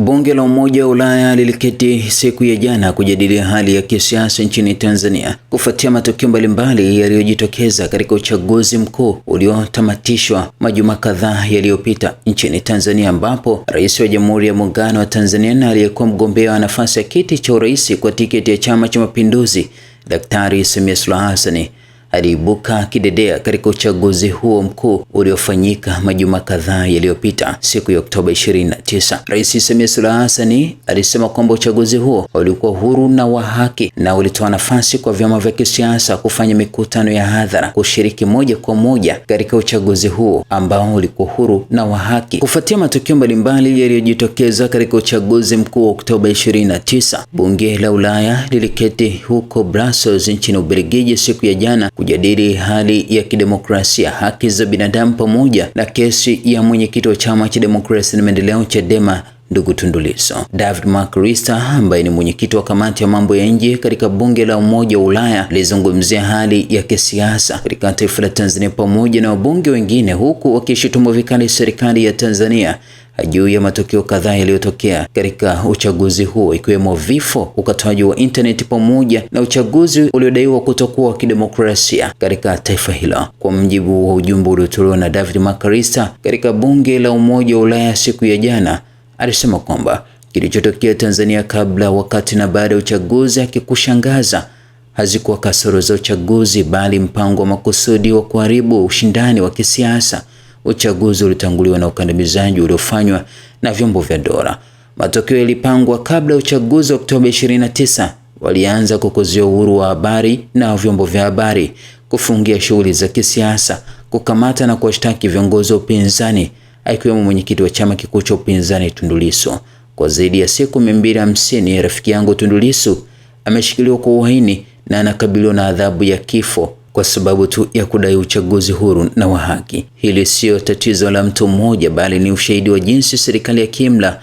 Bunge la Umoja wa Ulaya liliketi siku ya jana kujadili hali ya kisiasa nchini Tanzania kufuatia matukio mbalimbali yaliyojitokeza katika uchaguzi mkuu uliotamatishwa majuma kadhaa yaliyopita nchini Tanzania, ambapo Rais wa Jamhuri ya Muungano wa Tanzania na aliyekuwa mgombea wa nafasi ya kiti cha urais kwa tiketi ya Chama cha Mapinduzi Daktari Samia Suluhu Hassan aliibuka kidedea katika uchaguzi huo mkuu uliofanyika majuma kadhaa yaliyopita siku ya Oktoba 29. Rais Samia Suluhu Hassan alisema kwamba uchaguzi huo ulikuwa huru na wa haki na ulitoa nafasi kwa vyama vya kisiasa kufanya mikutano ya hadhara kushiriki moja kwa moja katika uchaguzi huo ambao ulikuwa huru na wa haki. Kufuatia matukio mbalimbali yaliyojitokeza katika uchaguzi mkuu wa Oktoba 29, bunge la Ulaya liliketi huko Brussels nchini Ubelgiji siku ya jana kujadili hali ya kidemokrasia, haki za binadamu, pamoja na kesi ya mwenyekiti wa chama cha demokrasia na maendeleo Chadema ndugu Tundu Lissu. David McAllister ambaye ni mwenyekiti wa kamati ya mambo ya nje katika bunge la Umoja wa Ulaya alizungumzia hali ya kisiasa katika taifa la Tanzania pamoja na wabunge wengine, huku wakishutumu vikali serikali ya Tanzania juu ya matukio kadhaa yaliyotokea katika uchaguzi huo ikiwemo vifo, ukataji wa intaneti pamoja na uchaguzi uliodaiwa kutokuwa wa kidemokrasia katika taifa hilo. Kwa mjibu wa ujumbe uliotolewa na David Makarista katika bunge la Umoja wa Ulaya siku ya jana, alisema kwamba kilichotokea Tanzania kabla, wakati na baada ya uchaguzi akikushangaza Hazikuwa kasoro za uchaguzi, bali mpango wa makusudi wa kuharibu ushindani wa kisiasa uchaguzi ulitanguliwa na ukandamizaji uliofanywa na vyombo vya dola. Matokeo yalipangwa kabla ya uchaguzi wa Oktoba 29. Walianza kukuzia uhuru wa habari na vyombo vya habari, kufungia shughuli za kisiasa, kukamata na kuwashtaki viongozi wa upinzani, akiwemo mwenyekiti wa chama kikuu cha upinzani Tundu Lissu. Kwa zaidi ya siku 250 rafiki yangu Tundu Lissu ameshikiliwa kwa uhaini na anakabiliwa na adhabu ya kifo kwa sababu tu ya kudai uchaguzi huru na wa haki. Hili siyo tatizo la mtu mmoja, bali ni ushahidi wa jinsi serikali ya kiimla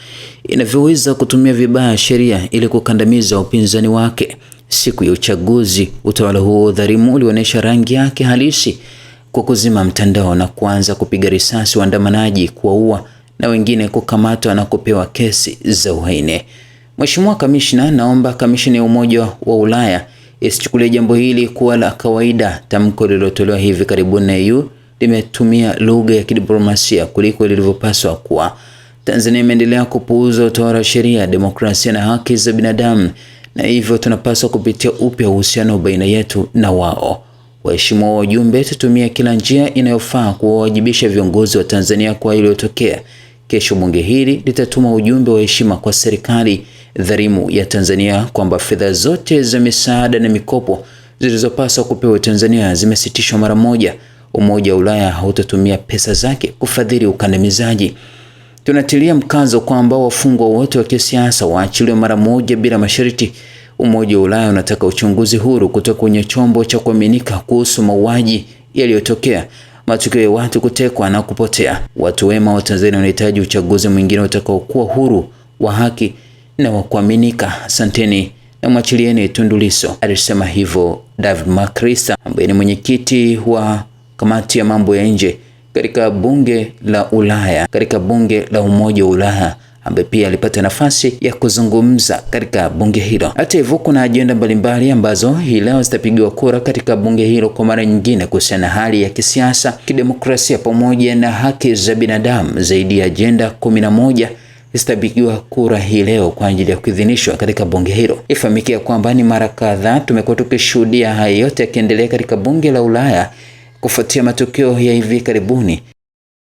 inavyoweza kutumia vibaya sheria ili kukandamiza upinzani wake. Siku ya uchaguzi, utawala huo dhalimu ulionyesha rangi yake halisi kwa kuzima mtandao na kuanza kupiga risasi waandamanaji, kuwaua na wengine kukamatwa na kupewa kesi za uhaini. Mheshimiwa Kamishna, naomba kamishna ya Umoja wa Ulaya isichukulie jambo hili kuwa la kawaida. Tamko lililotolewa hivi karibuni na EU limetumia lugha ya kidiplomasia kuliko lilivyopaswa kuwa. Tanzania imeendelea kupuuza utawala wa sheria, demokrasia na haki za binadamu, na hivyo tunapaswa kupitia upya uhusiano baina yetu na wao. Waheshimiwa wa wajumbe, tutumie kila njia inayofaa kuwawajibisha viongozi wa Tanzania kwa iliyotokea. Kesho bunge hili litatuma ujumbe wa heshima kwa serikali dharimu ya Tanzania kwamba fedha zote za misaada na mikopo zilizopaswa kupewa Tanzania zimesitishwa mara moja. Umoja wa Ulaya hautatumia pesa zake kufadhili ukandamizaji. Tunatilia mkazo kwamba wafungwa wote wa kisiasa waachiliwe mara moja bila masharti. Umoja wa Ulaya unataka uchunguzi huru kutoka kwenye chombo cha kuaminika kuhusu mauaji yaliyotokea, matukio ya watu kutekwa na kupotea. Watu wema wa Tanzania wanahitaji uchaguzi mwingine utakaokuwa huru wa haki na wa kuaminika. Asanteni na mwachilieni Tundu Lissu. Alisema hivyo David Makrisa ambaye ni mwenyekiti wa kamati ya mambo ya nje katika bunge la Ulaya, katika bunge la Umoja wa Ulaya ambaye pia alipata nafasi ya kuzungumza katika bunge hilo. Hata hivyo, kuna ajenda mbalimbali ambazo hii leo zitapigiwa kura katika bunge hilo kwa mara nyingine, kuhusiana na hali ya kisiasa, kidemokrasia pamoja na haki za binadamu, zaidi ya ajenda kumi na moja zitapigiwa kura hii leo kwa ajili ya kuidhinishwa katika bunge hilo. Ifahamike kwamba ni mara kadhaa tumekuwa tukishuhudia haya yote yakiendelea katika bunge la Ulaya kufuatia matukio ya hivi karibuni